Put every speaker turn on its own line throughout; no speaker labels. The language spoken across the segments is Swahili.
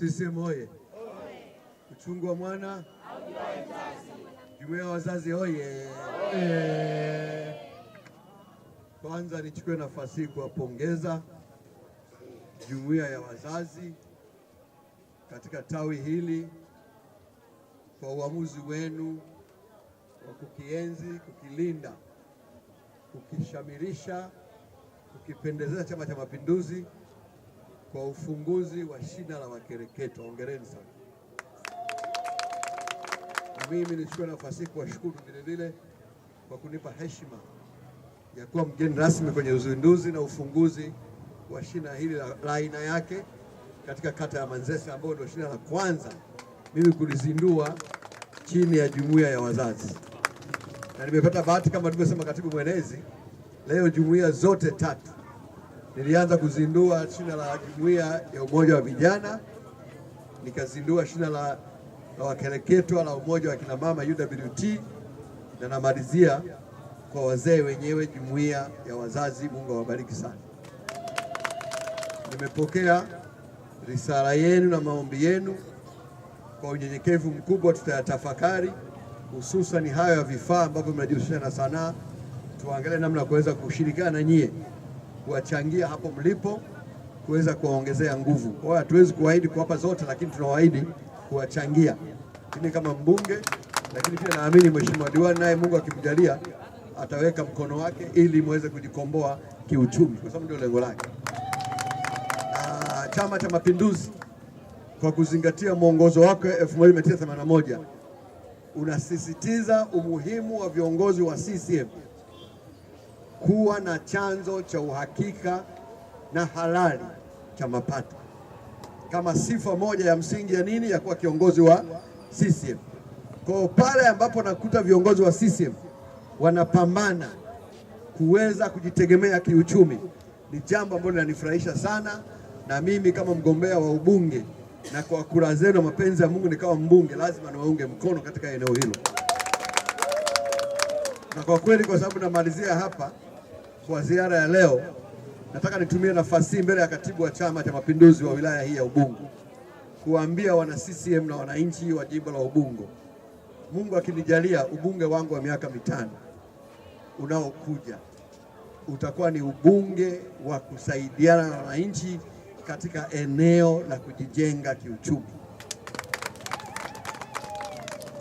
CCM oye! Uchungu wa mwana, jumuiya ya wazazi oye! Kwanza nichukue nafasi hii kuwapongeza jumuiya ya wazazi katika tawi hili kwa uamuzi wenu wa kukienzi, kukilinda, kukishamirisha, kukipendezesha Chama cha Mapinduzi kwa ufunguzi wa shina la makereketo. Hongereni sana. Na mimi nichukue nafasi hii kuwashukuru vilevile kwa kunipa heshima ya kuwa mgeni rasmi kwenye uzinduzi na ufunguzi wa shina hili la aina yake katika kata ya Manzese, ambayo ndio shina la kwanza mimi kulizindua chini ya jumuiya ya wazazi, na nimepata bahati kama alivyosema katibu mwenezi, leo jumuiya zote tatu nilianza kuzindua shina la jumuiya ya umoja wa vijana, nikazindua shina la, la wakereketwa la umoja wa kinamama UWT, na namalizia kwa wazee wenyewe jumuiya ya wazazi. Mungu awabariki sana. Nimepokea risala yenu na maombi yenu kwa unyenyekevu mkubwa, tutayatafakari hususan hayo ya vifaa ambavyo mnajihusisha na sanaa, tuangalie namna ya kuweza kushirikiana na nyie kuwachangia hapo mlipo kuweza kuwaongezea nguvu. Kwa hiyo hatuwezi kuahidi kuwapa zote, lakini tunawaahidi kuwachangia. Mimi kama mbunge, lakini pia naamini mheshimiwa diwani naye Mungu akimjalia ataweka mkono wake ili muweze kujikomboa kiuchumi, kwa sababu ndio lengo lake. Chama cha Mapinduzi kwa kuzingatia mwongozo wake 1981 unasisitiza umuhimu wa viongozi wa CCM kuwa na chanzo cha uhakika na halali cha mapato kama sifa moja ya msingi ya nini ya kuwa kiongozi wa CCM. Kwa pale ambapo nakuta viongozi wa CCM wanapambana kuweza kujitegemea kiuchumi, ni jambo ambalo linanifurahisha sana, na mimi kama mgombea wa ubunge na kwa kura zenu na mapenzi ya Mungu nikawa mbunge, lazima niwaunge mkono katika eneo hilo, na kwa kweli, kwa sababu namalizia hapa kwa ziara ya leo, nataka nitumie nafasi hii mbele ya katibu wa Chama cha Mapinduzi wa wilaya hii ya Ubungo kuwaambia wana CCM na wananchi wa jimbo la Ubungo, Mungu akinijalia ubunge wangu wa miaka mitano unaokuja utakuwa ni ubunge wa kusaidiana na wananchi katika eneo la kujijenga kiuchumi.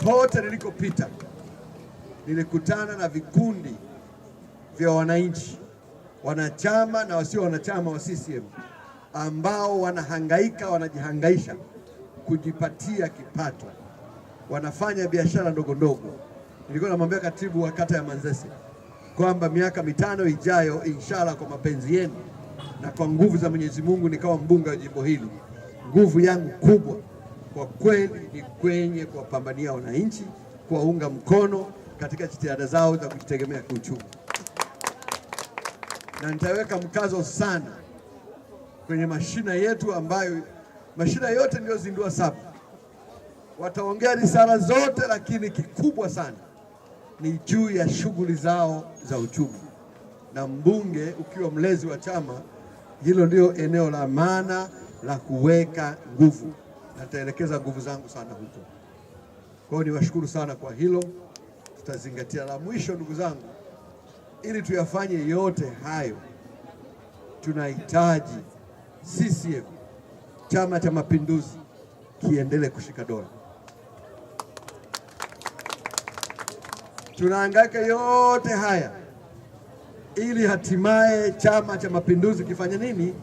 Kote nilikopita nilikutana na vikundi vya wananchi, wanachama na wasio wanachama wa CCM ambao wanahangaika, wanajihangaisha kujipatia kipato, wanafanya biashara ndogo ndogo. Nilikuwa namwambia katibu wa kata ya Manzese kwamba miaka mitano ijayo, inshallah, kwa mapenzi yenu na kwa nguvu za Mwenyezi Mungu, nikawa mbunge wa jimbo hili. Nguvu yangu kubwa kwa kweli ni kwenye kuwapambania wananchi, kuwaunga mkono katika jitihada zao za kujitegemea kiuchumi na nitaweka mkazo sana kwenye mashina yetu ambayo mashina yote zindua saba, wataongea risala zote, lakini kikubwa sana ni juu ya shughuli zao za uchumi, na mbunge ukiwa mlezi wa chama hilo, ndio eneo la maana la kuweka nguvu. Nataelekeza nguvu zangu sana huko. Kwa hiyo niwashukuru sana kwa hilo, tutazingatia. La mwisho, ndugu zangu ili tuyafanye yote hayo, tunahitaji CCM, Chama cha Mapinduzi, kiendelee kushika dola. tunaangaika yote haya ili hatimaye Chama cha Mapinduzi kifanye nini?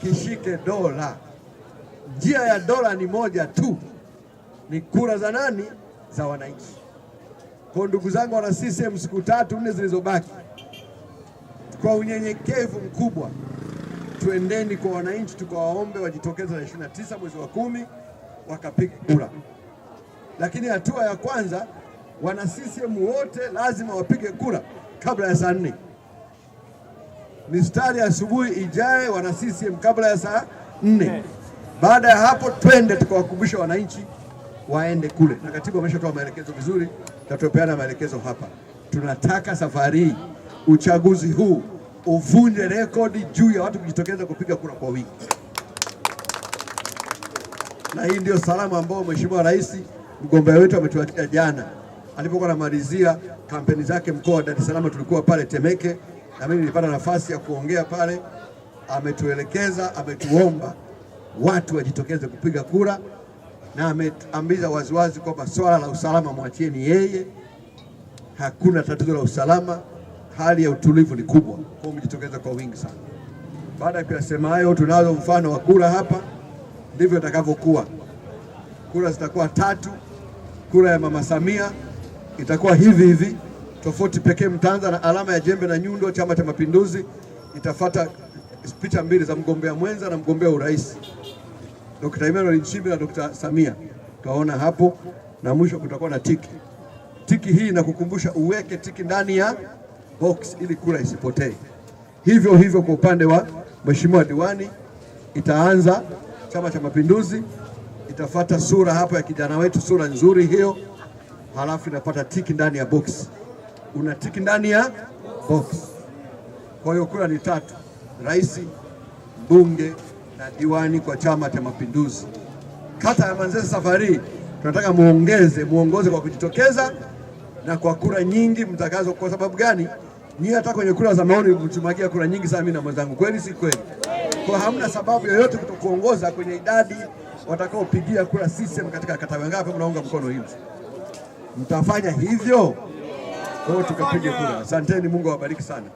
Kishike dola. Njia ya dola ni moja tu, ni kura za nani? Za wananchi. Kwa ndugu zangu wana CCM, siku tatu nne zilizobaki kwa unyenyekevu mkubwa, tuendeni kwa wananchi tukawaombe wajitokeze tarehe 29 mwezi wa kumi wakapiga kura. Lakini hatua ya kwanza, wana CCM wote lazima wapige kura kabla ya saa nne. Mistari asubuhi ijae wana CCM kabla ya saa nne. Eh. Baada ya hapo, twende tukawakumbusha wananchi waende kule, na katibu ameshatoa maelekezo vizuri tatopeana maelekezo hapa. Tunataka safari hii uchaguzi huu uvunje rekodi juu ya watu kujitokeza kupiga kura kwa wingi, na hii ndio salamu ambayo Mheshimiwa Rais mgombea wetu ametuachia jana alipokuwa anamalizia kampeni zake mkoa wa Dar es Salaam. Tulikuwa pale Temeke na mimi nilipata nafasi ya kuongea pale. Ametuelekeza, ametuomba watu wajitokeze kupiga kura na ameambiza waziwazi kwamba swala la usalama mwachieni yeye, hakuna tatizo la usalama hali ya utulivu ni kubwa, kwa umejitokeza kwa wingi sana. Baada ya kuyasema hayo, tunazo mfano wa kura hapa, ndivyo itakavyokuwa. Kura zitakuwa tatu. Kura ya mama Samia itakuwa hivi hivi, tofauti pekee mtaanza na alama ya jembe na nyundo, Chama cha Mapinduzi. Itafata picha mbili za mgombea mwenza na mgombea urais, Dr. Emmanuel Nchimbi na Dr. Samia, tutaona hapo, na mwisho kutakuwa na tiki. Tiki hii inakukumbusha uweke tiki ndani ya box ili kula isipotee. Hivyo hivyo kwa upande wa mheshimiwa diwani, itaanza Chama cha Mapinduzi, itafata sura hapo ya kijana wetu, sura nzuri hiyo, halafu inapata tiki ndani ya box, una tiki ndani ya box. Kwa hiyo kura ni tatu: rais, mbunge na diwani kwa Chama cha Mapinduzi. Kata ya Manzese safari tunataka muongeze, muongoze kwa kujitokeza na kwa kura nyingi mtakazo. Kwa sababu gani? Nyie hata kwenye kura za maoni mtumagia kura nyingi sana mimi na mwenzangu, kweli si kweli? Kwa hamna sababu yoyote kutokuongoza kwenye idadi watakaopigia kura CCM katika kata. ngapi? mnaunga mkono hivi Mtafanya hivyo? Kwa hiyo tukapige kura. Asanteni, Mungu awabariki sana.